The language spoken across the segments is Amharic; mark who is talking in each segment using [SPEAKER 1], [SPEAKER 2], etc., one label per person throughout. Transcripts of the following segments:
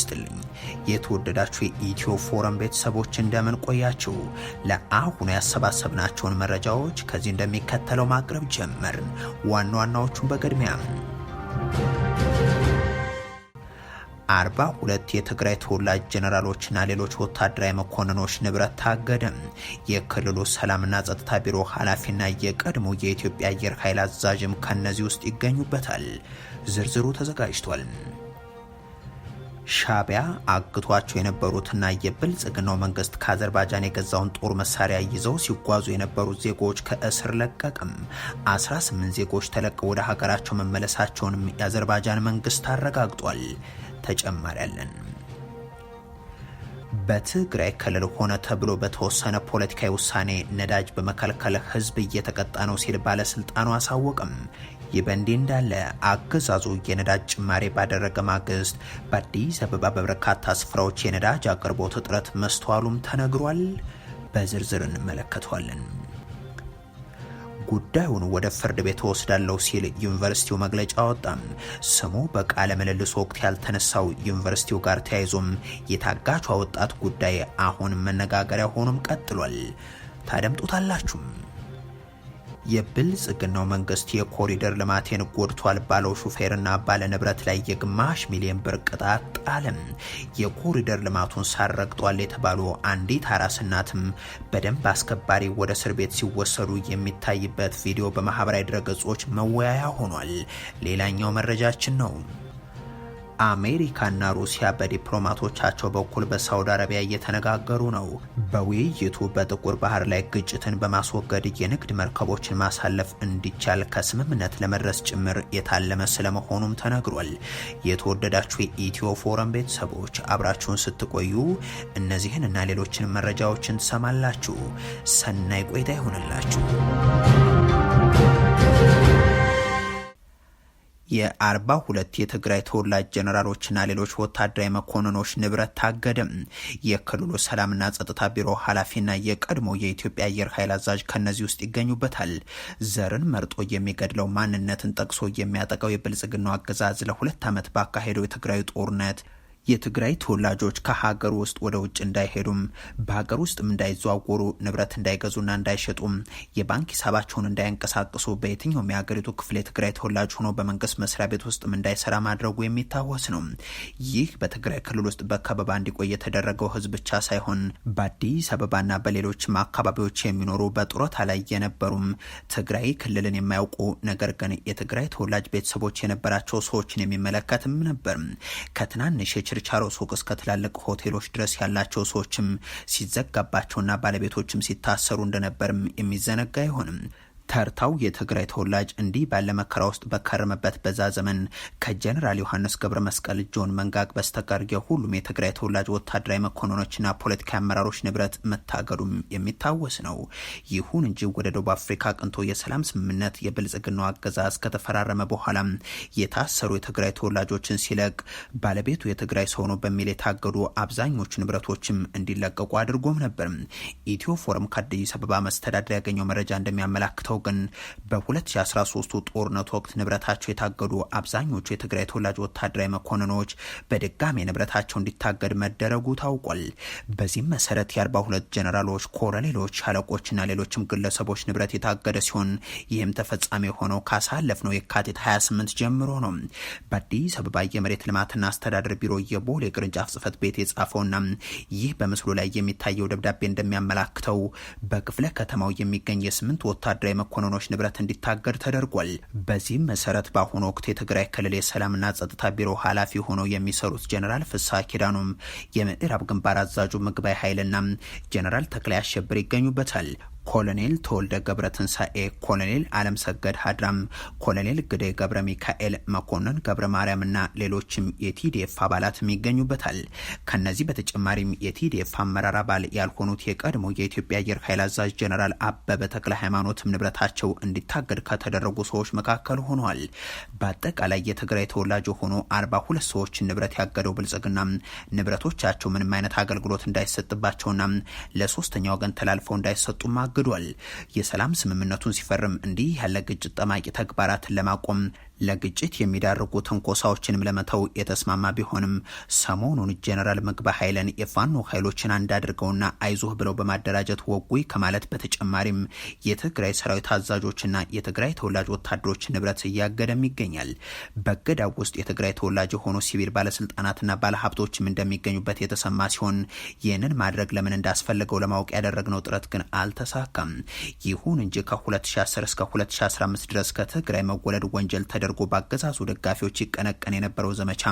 [SPEAKER 1] ይስጥልኝ። የተወደዳችሁ የኢትዮ ፎረም ቤተሰቦች እንደምን ቆያችሁ? ለአሁኑ ያሰባሰብናቸውን መረጃዎች ከዚህ እንደሚከተለው ማቅረብ ጀመርን። ዋና ዋናዎቹን በቅድሚያ አርባ ሁለት የትግራይ ተወላጅ ጀኔራሎችና ሌሎች ወታደራዊ መኮንኖች ንብረት ታገደ። የክልሉ ሰላምና ጸጥታ ቢሮ ኃላፊና የቀድሞ የኢትዮጵያ አየር ኃይል አዛዥም ከነዚህ ውስጥ ይገኙበታል። ዝርዝሩ ተዘጋጅቷል። ሻቢያ አግቷቸው የነበሩትና የብልጽግናው መንግስት ከአዘርባጃን የገዛውን ጦር መሳሪያ ይዘው ሲጓዙ የነበሩት ዜጎች ከእስር ለቀቅም። 18 ዜጎች ተለቀው ወደ ሀገራቸው መመለሳቸውንም የአዘርባጃን መንግስት አረጋግጧል። ተጨማሪ ያለን በትግራይ ክልል ሆነ ተብሎ በተወሰነ ፖለቲካዊ ውሳኔ ነዳጅ በመከልከል ህዝብ እየተቀጣ ነው ሲል ባለስልጣኑ አሳወቅም። ይህ በእንዲህ እንዳለ አገዛዙ የነዳጅ ጭማሪ ባደረገ ማግስት በአዲስ አበባ በበርካታ ስፍራዎች የነዳጅ አቅርቦት እጥረት መስተዋሉም ተነግሯል። በዝርዝር እንመለከተዋለን። ጉዳዩን ወደ ፍርድ ቤት ወስዳለሁ ሲል ዩኒቨርሲቲው መግለጫ አወጣም። ስሙ በቃለ ምልልስ ወቅት ያልተነሳው ዩኒቨርሲቲው ጋር ተያይዞም የታጋቿ ወጣት ጉዳይ አሁን መነጋገሪያ ሆኖም ቀጥሏል። ታደምጡታላችሁም። የብልጽግናው መንግስት የኮሪደር ልማቴን ጎድቷል ባለው ሹፌርና ንብረት ላይ የግማሽ ሚሊዮን ብር ቅጣት ጣለም። የኮሪደር ልማቱን ሳረግጧል የተባሉ አንዲት አራስ እናትም በደንብ አስከባሪ ወደ እስር ቤት ሲወሰዱ የሚታይበት ቪዲዮ በማህበራዊ ድረገጾች መወያያ ሆኗል። ሌላኛው መረጃችን ነው። አሜሪካና ሩሲያ በዲፕሎማቶቻቸው በኩል በሳውዲ አረቢያ እየተነጋገሩ ነው። በውይይቱ በጥቁር ባህር ላይ ግጭትን በማስወገድ የንግድ መርከቦችን ማሳለፍ እንዲቻል ከስምምነት ለመድረስ ጭምር የታለመ ስለመሆኑም ተነግሯል። የተወደዳችሁ የኢትዮ ፎረም ቤተሰቦች አብራችሁን ስትቆዩ እነዚህን እና ሌሎችን መረጃዎችን ትሰማላችሁ። ሰናይ ቆይታ ይሆንላችሁ። የአርባ ሁለት የትግራይ ተወላጅ ጀነራሎችና ሌሎች ወታደራዊ መኮንኖች ንብረት ታገደ። የክልሉ ሰላምና ጸጥታ ቢሮ ኃላፊና የቀድሞ የኢትዮጵያ አየር ኃይል አዛዥ ከነዚህ ውስጥ ይገኙበታል። ዘርን መርጦ የሚገድለው ማንነትን ጠቅሶ የሚያጠቃው የብልጽግናው አገዛዝ ለሁለት ዓመት ባካሄደው የትግራዩ ጦርነት የትግራይ ተወላጆች ከሀገር ውስጥ ወደ ውጭ እንዳይሄዱም በሀገር ውስጥም እንዳይዘዋወሩ ንብረት እንዳይገዙና እንዳይሸጡም የባንክ ሂሳባቸውን እንዳያንቀሳቅሱ በየትኛውም የሀገሪቱ ክፍል የትግራይ ተወላጅ ሆኖ በመንግስት መስሪያ ቤት ውስጥም እንዳይሰራ ማድረጉ የሚታወስ ነው። ይህ በትግራይ ክልል ውስጥ በከበባ እንዲቆይ የተደረገው ህዝብ ብቻ ሳይሆን በአዲስ አበባና በሌሎችም አካባቢዎች የሚኖሩ በጡረታ ላይ የነበሩም ትግራይ ክልልን የማያውቁ ነገር ግን የትግራይ ተወላጅ ቤተሰቦች የነበራቸው ሰዎችን የሚመለከትም ነበር ከትናንሽ ችርቻሮ ሱቅ እስከ ትላልቅ ሆቴሎች ድረስ ያላቸው ሰዎችም ሲዘጋባቸውና ባለቤቶችም ሲታሰሩ እንደነበርም የሚዘነጋ አይሆንም። ተርታው የትግራይ ተወላጅ እንዲህ ባለመከራ ውስጥ በከረመበት በዛ ዘመን ከጀኔራል ዮሐንስ ገብረ መስቀል ጆን መንጋግ በስተቀር የሁሉም የትግራይ ተወላጅ ወታደራዊ መኮንኖችና ፖለቲካ አመራሮች ንብረት መታገዱም የሚታወስ ነው። ይሁን እንጂ ወደ ደቡብ አፍሪካ ቅንቶ የሰላም ስምምነት የብልጽግናው አገዛዝ ከተፈራረመ በኋላ የታሰሩ የትግራይ ተወላጆችን ሲለቅ ባለቤቱ የትግራይ ሰው ነው በሚል የታገዱ አብዛኞቹ ንብረቶችም እንዲለቀቁ አድርጎም ነበር። ኢትዮ ፎረም ከአዲስ አበባ መስተዳደር ያገኘው መረጃ እንደሚያመላክተው ግን በ2013 ጦርነት ወቅት ንብረታቸው የታገዱ አብዛኞቹ የትግራይ ተወላጅ ወታደራዊ መኮንኖች በድጋሚ ንብረታቸው እንዲታገድ መደረጉ ታውቋል። በዚህም መሰረት የ42 ጀኔራሎች፣ ኮሎኔሎች፣ ሻለቆችና ሌሎችም ግለሰቦች ንብረት የታገደ ሲሆን ይህም ተፈጻሚ የሆነው ካሳለፍነው የካቲት 28 ጀምሮ ነው። በአዲስ አበባ የመሬት ልማትና አስተዳደር ቢሮ የቦሌ ቅርንጫፍ ጽህፈት ቤት የጻፈውና ይህ በምስሉ ላይ የሚታየው ደብዳቤ እንደሚያመላክተው በክፍለ ከተማው የሚገኝ የስምንት ወታደራዊ መኮንኖች ንብረት እንዲታገድ ተደርጓል። በዚህም መሰረት በአሁኑ ወቅት የትግራይ ክልል የሰላምና ጸጥታ ቢሮ ኃላፊ ሆነው የሚሰሩት ጀኔራል ፍስሐ ኪዳኑም የምዕራብ ግንባር አዛዡ ምግባይ ኃይልና ጀኔራል ተክላይ አሸብር ይገኙበታል። ኮሎኔል ተወልደ ገብረ ትንሳኤ፣ ኮሎኔል አለምሰገድ ሰገድ ሀድራም፣ ኮሎኔል ግዴ ገብረ ሚካኤል፣ መኮንን ገብረ ማርያምና ሌሎችም የቲዲኤፍ አባላትም ይገኙበታል። ከነዚህ በተጨማሪም የቲዲኤፍ አመራር አባል ያልሆኑት የቀድሞ የኢትዮጵያ አየር ኃይል አዛዥ ጀነራል አበበ ተክለ ሃይማኖትም ንብረታቸው እንዲታገድ ከተደረጉ ሰዎች መካከል ሆኗል። በአጠቃላይ የትግራይ ተወላጅ የሆኑ አርባ ሁለት ሰዎች ንብረት ያገደው ብልጽግና ንብረቶቻቸው ምንም አይነት አገልግሎት እንዳይሰጥባቸውና ለሶስተኛ ወገን ተላልፈው እንዳይሰጡ ታግዷል። የሰላም ስምምነቱን ሲፈርም እንዲህ ያለ ግጭት ጠማቂ ተግባራትን ለማቆም ለግጭት የሚዳርጉ ትንኮሳዎችንም ለመተው የተስማማ ቢሆንም ሰሞኑን ጄኔራል ምግባ ኃይለን የፋኖ ኃይሎችን አንድ አድርገውና አይዞህ ብለው በማደራጀት ወጉይ ከማለት በተጨማሪም የትግራይ ሰራዊት አዛዦችና የትግራይ ተወላጅ ወታደሮች ንብረት እያገደም ይገኛል። በገዳው ውስጥ የትግራይ ተወላጅ የሆኑ ሲቪል ባለስልጣናትና ባለሀብቶችም እንደሚገኙበት የተሰማ ሲሆን ይህንን ማድረግ ለምን እንዳስፈለገው ለማወቅ ያደረግነው ጥረት ግን አልተሳካም። ይሁን እንጂ ከ2010 እስከ 2015 ድረስ ከትግራይ መወለድ ወንጀል ተደ ተደርጎ በአገዛዙ ደጋፊዎች ይቀነቀን የነበረው ዘመቻ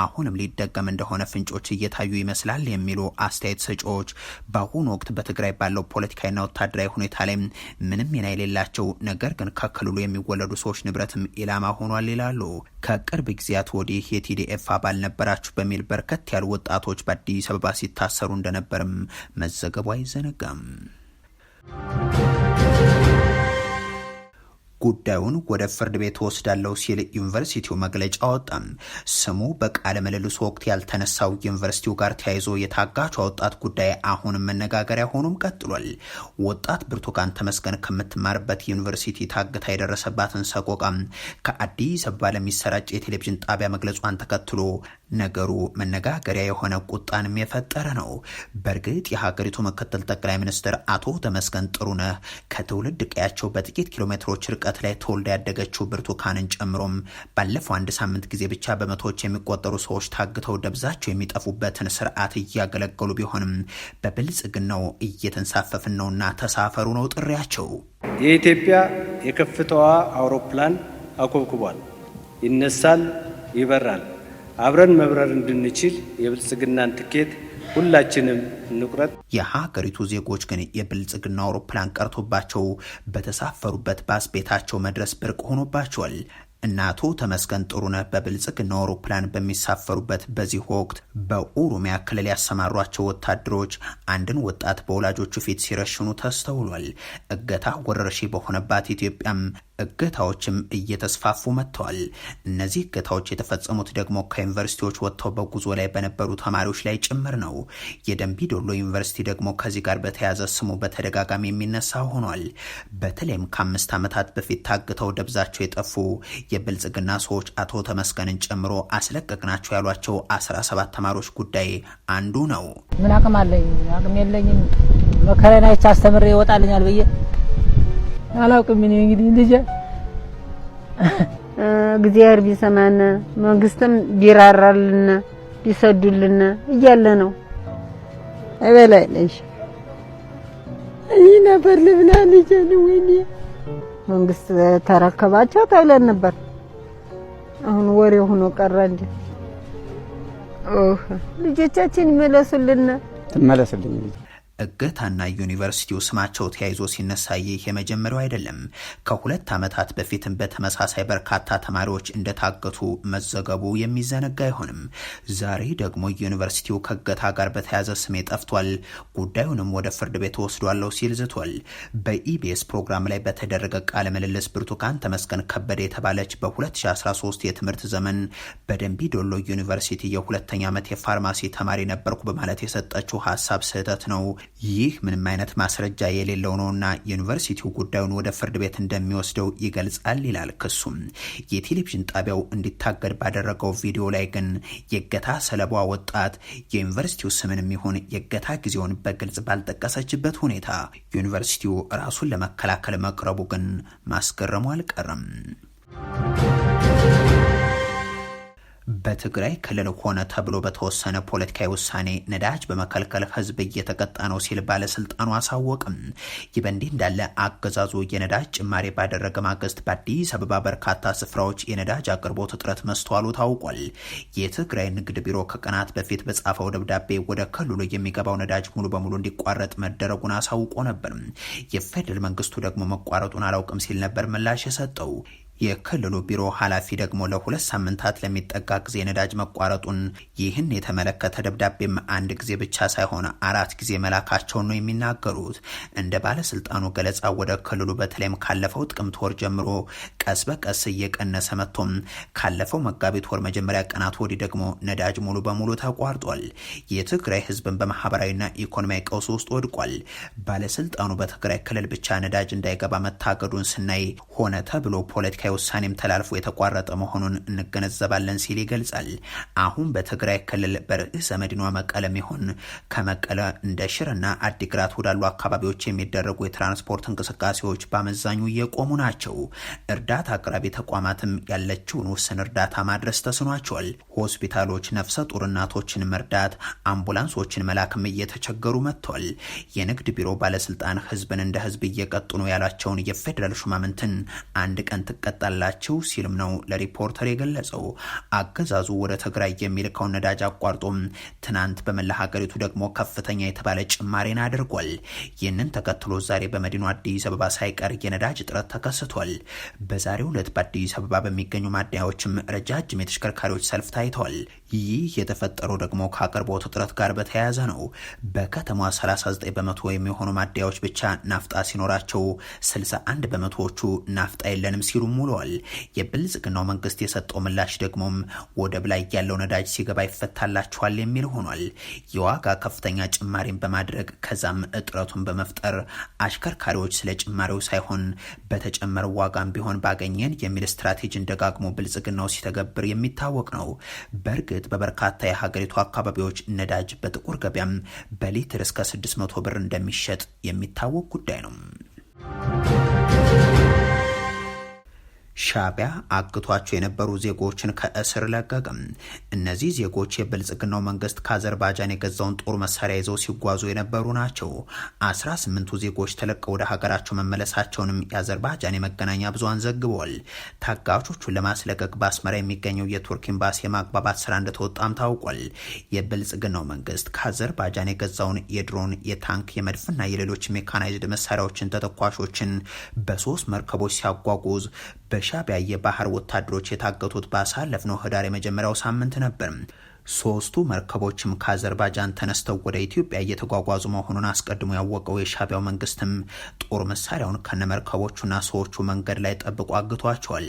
[SPEAKER 1] አሁንም ሊደገም እንደሆነ ፍንጮች እየታዩ ይመስላል የሚሉ አስተያየት ሰጪዎች በአሁኑ ወቅት በትግራይ ባለው ፖለቲካዊና ወታደራዊ ሁኔታ ላይ ምንም ሚና የሌላቸው ነገር ግን ከክልሉ የሚወለዱ ሰዎች ንብረትም ኢላማ ሆኗል ይላሉ። ከቅርብ ጊዜያት ወዲህ የቲዲኤፍ አባል ነበራችሁ በሚል በርከት ያሉ ወጣቶች በአዲስ አበባ ሲታሰሩ እንደነበርም መዘገቡ አይዘነጋም። ጉዳዩን ወደ ፍርድ ቤት ወስዳለው ሲል ዩኒቨርሲቲው መግለጫ አወጣ። ስሙ በቃለ ምልልሱ ወቅት ያልተነሳው ዩኒቨርሲቲው ጋር ተያይዞ የታጋቿ ወጣት ጉዳይ አሁንም መነጋገሪያ ሆኖም ቀጥሏል። ወጣት ብርቱካን ተመስገን ከምትማርበት ዩኒቨርሲቲ ታግታ የደረሰባትን ሰቆቃ ከአዲስ አበባ ለሚሰራጭ የቴሌቪዥን ጣቢያ መግለጿን ተከትሎ ነገሩ መነጋገሪያ የሆነ ቁጣንም የፈጠረ ነው። በእርግጥ የሀገሪቱ ምክትል ጠቅላይ ሚኒስትር አቶ ተመስገን ጥሩነህ ከትውልድ ቀያቸው በጥቂት ኪሎ ሜትሮች ርቀት ግዛት ላይ ተወልዳ ያደገችው ብርቱካንን ጨምሮም ባለፈው አንድ ሳምንት ጊዜ ብቻ በመቶዎች የሚቆጠሩ ሰዎች ታግተው ደብዛቸው የሚጠፉበትን ስርዓት እያገለገሉ ቢሆንም በብልጽግናው እየተንሳፈፍን ነውና ተሳፈሩ ነው ጥሪያቸው።
[SPEAKER 2] የኢትዮጵያ የከፍታዋ አውሮፕላን አኮብኩቧል። ይነሳል፣ ይበራል። አብረን መብረር እንድንችል የብልጽግናን ትኬት ሁላችንም እንቁረጥ።
[SPEAKER 1] የሀገሪቱ ዜጎች ግን የብልጽግና አውሮፕላን ቀርቶባቸው በተሳፈሩበት ባስ ቤታቸው መድረስ ብርቅ ሆኖባቸዋል። እነ አቶ ተመስገን ጥሩነህ በብልጽግና አውሮፕላን በሚሳፈሩበት በዚህ ወቅት በኦሮሚያ ክልል ያሰማሯቸው ወታደሮች አንድን ወጣት በወላጆቹ ፊት ሲረሽኑ ተስተውሏል። እገታ ወረርሽኝ በሆነባት ኢትዮጵያም እገታዎችም እየተስፋፉ መጥተዋል። እነዚህ እገታዎች የተፈጸሙት ደግሞ ከዩኒቨርሲቲዎች ወጥተው በጉዞ ላይ በነበሩ ተማሪዎች ላይ ጭምር ነው። የደንቢ ዶሎ ዩኒቨርሲቲ ደግሞ ከዚህ ጋር በተያያዘ ስሙ በተደጋጋሚ የሚነሳ ሆኗል። በተለይም ከአምስት ዓመታት በፊት ታግተው ደብዛቸው የጠፉ የብልጽግና ሰዎች አቶ ተመስገንን ጨምሮ አስለቀቅናቸው ያሏቸው 17 ተማሪዎች ጉዳይ አንዱ ነው።
[SPEAKER 3] ምን አቅም አለኝ? አቅም የለኝም መከራዬን አስተምሬ ይወጣልኛል ብዬ አላውቅም። እኔ እንግዲህ ልጄ እግዚአብሔር ቢሰማን መንግስትም ቢራራልን ቢሰዱልን እያለ ነው። አይበላልሽ ይህ ነበር ልብላ ልጄ ወይኔ መንግስት ተረከባቸው ተብለን ነበር። አሁን ወሬ ሆኖ ቀረ እንዴ? ልጆቻችን ይመለሱልን።
[SPEAKER 4] ትመለስልኝ
[SPEAKER 1] እገታና ዩኒቨርሲቲው ስማቸው ተያይዞ ሲነሳ ይህ የመጀመሪያው አይደለም። ከሁለት ዓመታት በፊትም በተመሳሳይ በርካታ ተማሪዎች እንደታገቱ መዘገቡ የሚዘነጋ አይሆንም። ዛሬ ደግሞ ዩኒቨርሲቲው ከእገታ ጋር በተያያዘ ስሜ ጠፍቷል፣ ጉዳዩንም ወደ ፍርድ ቤት ወስዷለሁ ሲል ዝቷል። በኢቢኤስ ፕሮግራም ላይ በተደረገ ቃለ ምልልስ ብርቱካን ተመስገን ከበደ የተባለች በ2013 የትምህርት ዘመን በደንቢ ዶሎ ዩኒቨርሲቲ የሁለተኛ ዓመት የፋርማሲ ተማሪ ነበርኩ በማለት የሰጠችው ሀሳብ ስህተት ነው ይህ ምንም አይነት ማስረጃ የሌለው ነውና ዩኒቨርሲቲው ጉዳዩን ወደ ፍርድ ቤት እንደሚወስደው ይገልጻል ይላል ክሱም። የቴሌቪዥን ጣቢያው እንዲታገድ ባደረገው ቪዲዮ ላይ ግን የእገታ ሰለባ ወጣት የዩኒቨርሲቲው ስምንም ይሁን የእገታ ጊዜውን በግልጽ ባልጠቀሰችበት ሁኔታ ዩኒቨርሲቲው ራሱን ለመከላከል መቅረቡ ግን ማስገረሙ አልቀረም። በትግራይ ክልል ሆነ ተብሎ በተወሰነ ፖለቲካዊ ውሳኔ ነዳጅ በመከልከል ህዝብ እየተቀጣ ነው ሲል ባለስልጣኑ አሳወቅም። ይህ በእንዲህ እንዳለ አገዛዙ የነዳጅ ጭማሪ ባደረገ ማግስት በአዲስ አበባ በርካታ ስፍራዎች የነዳጅ አቅርቦት እጥረት መስተዋሉ ታውቋል። የትግራይ ንግድ ቢሮ ከቀናት በፊት በጻፈው ደብዳቤ ወደ ክልሉ የሚገባው ነዳጅ ሙሉ በሙሉ እንዲቋረጥ መደረጉን አሳውቆ ነበር። የፌዴራል መንግስቱ ደግሞ መቋረጡን አላውቅም ሲል ነበር ምላሽ የሰጠው። የክልሉ ቢሮ ኃላፊ ደግሞ ለሁለት ሳምንታት ለሚጠጋ ጊዜ ነዳጅ መቋረጡን ይህን የተመለከተ ደብዳቤም አንድ ጊዜ ብቻ ሳይሆን አራት ጊዜ መላካቸውን ነው የሚናገሩት። እንደ ባለስልጣኑ ገለጻ ወደ ክልሉ በተለይም ካለፈው ጥቅምት ወር ጀምሮ ቀስ በቀስ እየቀነሰ መጥቶም ካለፈው መጋቢት ወር መጀመሪያ ቀናት ወዲህ ደግሞ ነዳጅ ሙሉ በሙሉ ተቋርጧል። የትግራይ ህዝብን በማህበራዊና ኢኮኖሚያዊ ቀውስ ውስጥ ወድቋል። ባለስልጣኑ በትግራይ ክልል ብቻ ነዳጅ እንዳይገባ መታገዱን ስናይ ሆነ ተብሎ ፖለቲካ አስቸኳይ ውሳኔም ተላልፎ የተቋረጠ መሆኑን እንገነዘባለን ሲል ይገልጻል። አሁን በትግራይ ክልል በርዕሰ መዲኗ መቀለም ይሁን ከመቀለ እንደ ሽርና አዲግራት ወዳሉ አካባቢዎች የሚደረጉ የትራንስፖርት እንቅስቃሴዎች በአመዛኙ እየቆሙ ናቸው። እርዳታ አቅራቢ ተቋማትም ያለችውን ውስን እርዳታ ማድረስ ተስኗቸዋል። ሆስፒታሎች ነፍሰ ጡር እናቶችን መርዳት፣ አምቡላንሶችን መላክም እየተቸገሩ መጥቷል። የንግድ ቢሮ ባለስልጣን ህዝብን እንደ ህዝብ እየቀጡ ነው ያሏቸውን የፌዴራል ሹማምንትን አንድ ቀን ጥቀ ታጠጣላችሁ ሲልም ነው ለሪፖርተር የገለጸው። አገዛዙ ወደ ትግራይ የሚልከውን ነዳጅ አቋርጦም ትናንት በመላ ሀገሪቱ ደግሞ ከፍተኛ የተባለ ጭማሬን አድርጓል። ይህንን ተከትሎ ዛሬ በመዲኑ አዲስ አበባ ሳይቀር የነዳጅ እጥረት ተከስቷል። በዛሬው ዕለት በአዲስ አበባ በሚገኙ ማደያዎችም ረጃጅም የተሽከርካሪዎች ሰልፍ ታይተዋል። ይህ የተፈጠረው ደግሞ ከአቅርቦት እጥረት ጋር በተያያዘ ነው። በከተማዋ 39 በመቶ የሚሆኑ ማደያዎች ብቻ ናፍጣ ሲኖራቸው 61 በመቶዎቹ ናፍጣ የለንም ሲሉ ውለዋል። የብልጽግናው መንግስት የሰጠው ምላሽ ደግሞም ወደብ ላይ ያለው ነዳጅ ሲገባ ይፈታላችኋል የሚል ሆኗል። የዋጋ ከፍተኛ ጭማሪን በማድረግ ከዛም እጥረቱን በመፍጠር አሽከርካሪዎች ስለ ጭማሪው ሳይሆን በተጨመረ ዋጋም ቢሆን ባገኘን የሚል ስትራቴጂን ደጋግሞ ብልጽግናው ሲተገብር የሚታወቅ ነው። በእርግጥ በበርካታ የሀገሪቱ አካባቢዎች ነዳጅ በጥቁር ገበያም በሊትር እስከ 600 ብር እንደሚሸጥ የሚታወቅ ጉዳይ ነው። ሻቢያ አግቷቸው የነበሩ ዜጎችን ከእስር ለቀቅም። እነዚህ ዜጎች የብልጽግናው መንግስት ከአዘርባጃን የገዛውን ጦር መሳሪያ ይዘው ሲጓዙ የነበሩ ናቸው። አስራ ስምንቱ ዜጎች ተለቀው ወደ ሀገራቸው መመለሳቸውንም የአዘርባጃን የመገናኛ ብዙሃን ዘግቧል። ታጋቾቹን ለማስለቀቅ በአስመራ የሚገኘው የቱርክ ኤምባሲ የማግባባት ስራ እንደተወጣም ታውቋል። የብልጽግናው መንግስት ከአዘርባጃን የገዛውን የድሮን፣ የታንክ፣ የመድፍና የሌሎች ሜካናይዝድ መሳሪያዎችን ተተኳሾችን በሶስት መርከቦች ሲያጓጉዝ በሻዕቢያ የባህር ወታደሮች የታገቱት ባሳለፍነው ህዳር የመጀመሪያው ሳምንት ነበር። ሶስቱ መርከቦችም ከአዘርባጃን ተነስተው ወደ ኢትዮጵያ እየተጓጓዙ መሆኑን አስቀድሞ ያወቀው የሻቢያው መንግስትም ጦር መሳሪያውን ከነመርከቦቹና ሰዎቹ መንገድ ላይ ጠብቆ አግቷቸዋል።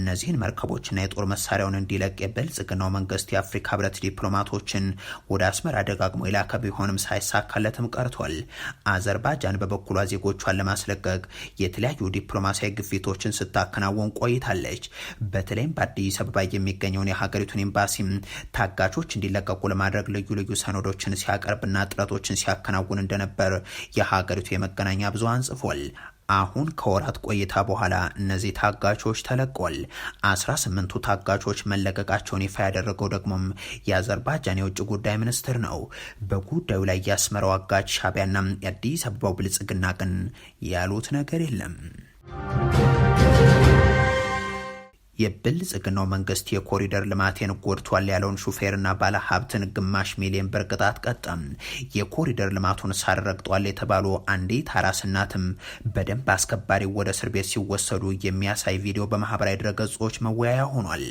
[SPEAKER 1] እነዚህን መርከቦችና የጦር መሳሪያውን እንዲለቅ የብልጽግናው መንግስት የአፍሪካ ህብረት ዲፕሎማቶችን ወደ አስመራ ደጋግሞ የላከ ቢሆንም ሳይሳካለትም ቀርቷል። አዘርባጃን በበኩሏ ዜጎቿን ለማስለቀቅ የተለያዩ ዲፕሎማሲያዊ ግፊቶችን ስታከናወን ቆይታለች። በተለይም በአዲስ አበባ የሚገኘውን የሀገሪቱን ኤምባሲም ታጋ ተከሳሾች እንዲለቀቁ ለማድረግ ልዩ ልዩ ሰነዶችን ሲያቀርብና ጥረቶችን ሲያከናውን እንደነበር የሀገሪቱ የመገናኛ ብዙሃን ጽፏል። አሁን ከወራት ቆይታ በኋላ እነዚህ ታጋቾች ተለቋል። አስራ ስምንቱ ታጋቾች መለቀቃቸውን ይፋ ያደረገው ደግሞም የአዘርባጃን የውጭ ጉዳይ ሚኒስትር ነው። በጉዳዩ ላይ ያስመራው አጋች ሻቢያና የአዲስ አበባው ብልጽግና ግን ያሉት ነገር የለም። የብልጽግናው መንግስት የኮሪደር ልማቴን ጎድቷል ያለውን ሹፌርና ባለሀብትን ግማሽ ሚሊዮን ብር ቅጣት ቀጠም። የኮሪደር ልማቱን ሳረግጧል የተባሉ አንዲት አራስ እናትም በደንብ አስከባሪ ወደ እስር ቤት ሲወሰዱ የሚያሳይ ቪዲዮ በማህበራዊ ድረገጾች መወያያ ሆኗል።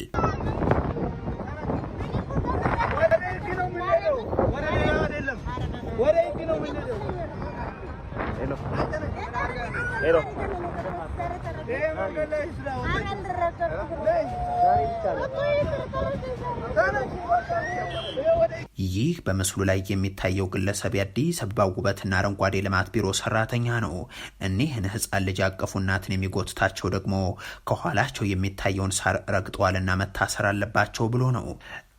[SPEAKER 1] ይህ በምስሉ ላይ የሚታየው ግለሰብ የአዲስ አበባ ውበትና አረንጓዴ ልማት ቢሮ ሰራተኛ ነው። እኒህን ህፃን ልጅ አቀፉ እናትን የሚጎትታቸው ደግሞ ከኋላቸው የሚታየውን ሳር ረግጠዋልና መታሰር አለባቸው ብሎ ነው።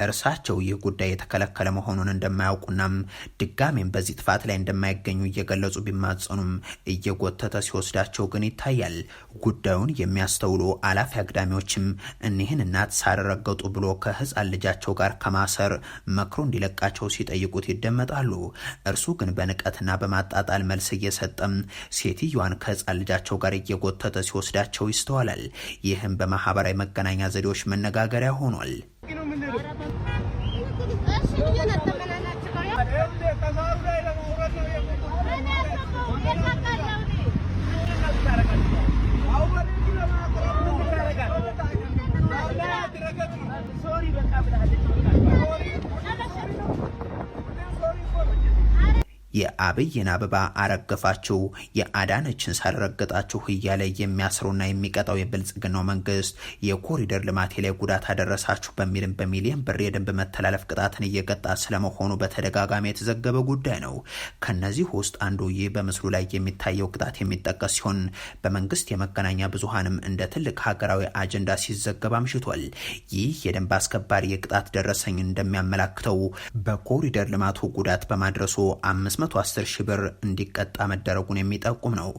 [SPEAKER 1] እርሳቸው ይህ ጉዳይ የተከለከለ መሆኑን እንደማያውቁናም ድጋሜም በዚህ ጥፋት ላይ እንደማይገኙ እየገለጹ ቢማጸኑም እየጎተተ ሲወስዳቸው ግን ይታያል። ጉዳዩን የሚያስተውሉ አላፊ አግዳሚዎችም እኒህን እናት ሳረረገጡ ብሎ ከህፃን ልጃቸው ጋር ከማሰር መክሮ እንዲለቃቸው ሲጠይቁት ይደመጣሉ። እርሱ ግን በንቀትና በማጣጣል መልስ እየሰጠም ሴትዮዋን ከህፃን ልጃቸው ጋር እየጎተተ ሲወስዳቸው ይስተዋላል። ይህም በማህበራዊ መገናኛ ዘዴዎች መነጋገሪያ ሆኗል። qué no me የአብይን አበባ አረገፋችሁ የአዳነችን ሳረገጣችሁ እያለ የሚያስሩና የሚቀጣው የብልጽግናው መንግስት የኮሪደር ልማቴ ላይ ጉዳት አደረሳችሁ በሚልም በሚሊየን ብር የደንብ መተላለፍ ቅጣትን እየቀጣ ስለመሆኑ በተደጋጋሚ የተዘገበ ጉዳይ ነው። ከነዚህ ውስጥ አንዱ ይህ በምስሉ ላይ የሚታየው ቅጣት የሚጠቀስ ሲሆን በመንግስት የመገናኛ ብዙሃንም እንደ ትልቅ ሀገራዊ አጀንዳ ሲዘገብ አምሽቷል። ይህ የደንብ አስከባሪ የቅጣት ደረሰኝ እንደሚያመላክተው በኮሪደር ልማቱ ጉዳት በማድረሱ አምስት 510 ሺህ ብር እንዲቀጣ መደረጉን የሚጠቁም ነው።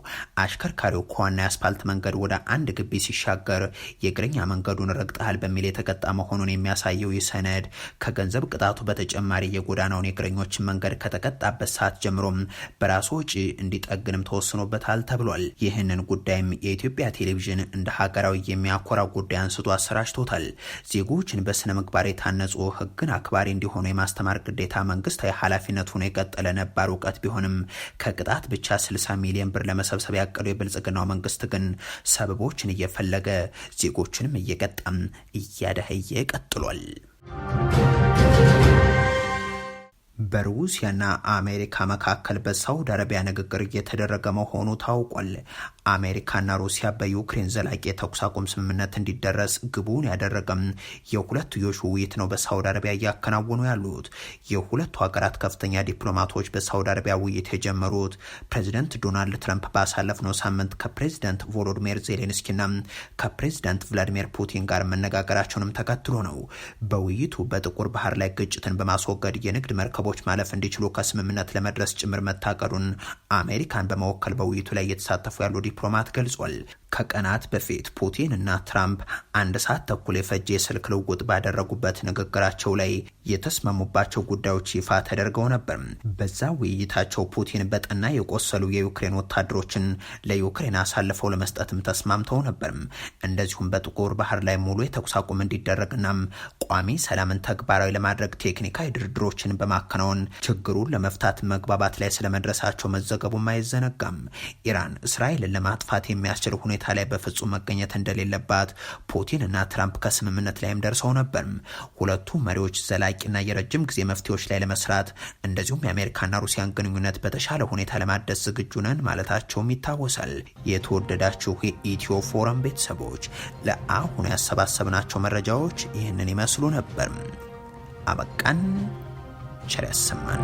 [SPEAKER 1] አሽከርካሪው ከዋና የአስፓልት መንገድ ወደ አንድ ግቢ ሲሻገር የእግረኛ መንገዱን ረግጠሃል በሚል የተቀጣ መሆኑን የሚያሳየው ይህ ሰነድ ከገንዘብ ቅጣቱ በተጨማሪ የጎዳናውን የእግረኞችን መንገድ ከተቀጣበት ሰዓት ጀምሮም በራሱ ወጪ እንዲጠግንም ተወስኖበታል ተብሏል። ይህንን ጉዳይም የኢትዮጵያ ቴሌቪዥን እንደ ሀገራዊ የሚያኮራ ጉዳይ አንስቶ አሰራጭቶታል። ዜጎችን በስነ ምግባር የታነጹ ህግን አክባሪ እንዲሆኑ የማስተማር ግዴታ መንግስታዊ ኃላፊነት ሆኖ የቀጠለ ነባሩ ሩቀት ቢሆንም ከቅጣት ብቻ 60 ሚሊዮን ብር ለመሰብሰብ ያቀዱ የብልጽግናው መንግስት ግን ሰበቦችን እየፈለገ ዜጎችንም እየቀጣም እያደህየ ቀጥሏል። በሩሲያና አሜሪካ መካከል በሳውዲ አረቢያ ንግግር እየተደረገ መሆኑ ታውቋል። አሜሪካና ሩሲያ በዩክሬን ዘላቂ የተኩስ አቁም ስምምነት እንዲደረስ ግቡን ያደረገም የሁለትዮሽ ውይይት ነው በሳውዲ አረቢያ እያከናወኑ ያሉት። የሁለቱ ሀገራት ከፍተኛ ዲፕሎማቶች በሳውዲ አረቢያ ውይይት የጀመሩት ፕሬዚደንት ዶናልድ ትራምፕ ባሳለፍነው ሳምንት ከፕሬዚደንት ቮሎዲሚር ዜሌንስኪና ከፕሬዚደንት ቭላዲሚር ፑቲን ጋር መነጋገራቸውንም ተከትሎ ነው። በውይይቱ በጥቁር ባህር ላይ ግጭትን በማስወገድ የንግድ መርከብ መርከቦች ማለፍ እንዲችሉ ከስምምነት ለመድረስ ጭምር መታቀዱን አሜሪካን በመወከል በውይይቱ ላይ እየተሳተፉ ያሉ ዲፕሎማት ገልጿል። ከቀናት በፊት ፑቲን እና ትራምፕ አንድ ሰዓት ተኩል የፈጀ የስልክ ልውውጥ ባደረጉበት ንግግራቸው ላይ የተስማሙባቸው ጉዳዮች ይፋ ተደርገው ነበር። በዛ ውይይታቸው ፑቲን በጠና የቆሰሉ የዩክሬን ወታደሮችን ለዩክሬን አሳልፈው ለመስጠትም ተስማምተው ነበር። እንደዚሁም በጥቁር ባህር ላይ ሙሉ የተኩስ አቁም እንዲደረግና ቋሚ ሰላምን ተግባራዊ ለማድረግ ቴክኒካዊ ድርድሮችን በማከናወን ችግሩን ለመፍታት መግባባት ላይ ስለመድረሳቸው መዘገቡም አይዘነጋም። ኢራን እስራኤልን ለማጥፋት የሚያስችል ሁኔታ ሁኔታ ላይ በፍጹም መገኘት እንደሌለባት ፑቲን እና ትራምፕ ከስምምነት ላይም ደርሰው ነበር። ሁለቱ መሪዎች ዘላቂና የረጅም ጊዜ መፍትሄዎች ላይ ለመስራት እንደዚሁም የአሜሪካና ሩሲያን ግንኙነት በተሻለ ሁኔታ ለማደስ ዝግጁ ነን ማለታቸውም ይታወሳል። የተወደዳችሁ የኢትዮ ፎረም ቤተሰቦች ለአሁኑ ያሰባሰብናቸው መረጃዎች ይህንን ይመስሉ ነበር። አበቃን። ቸር ያሰማን።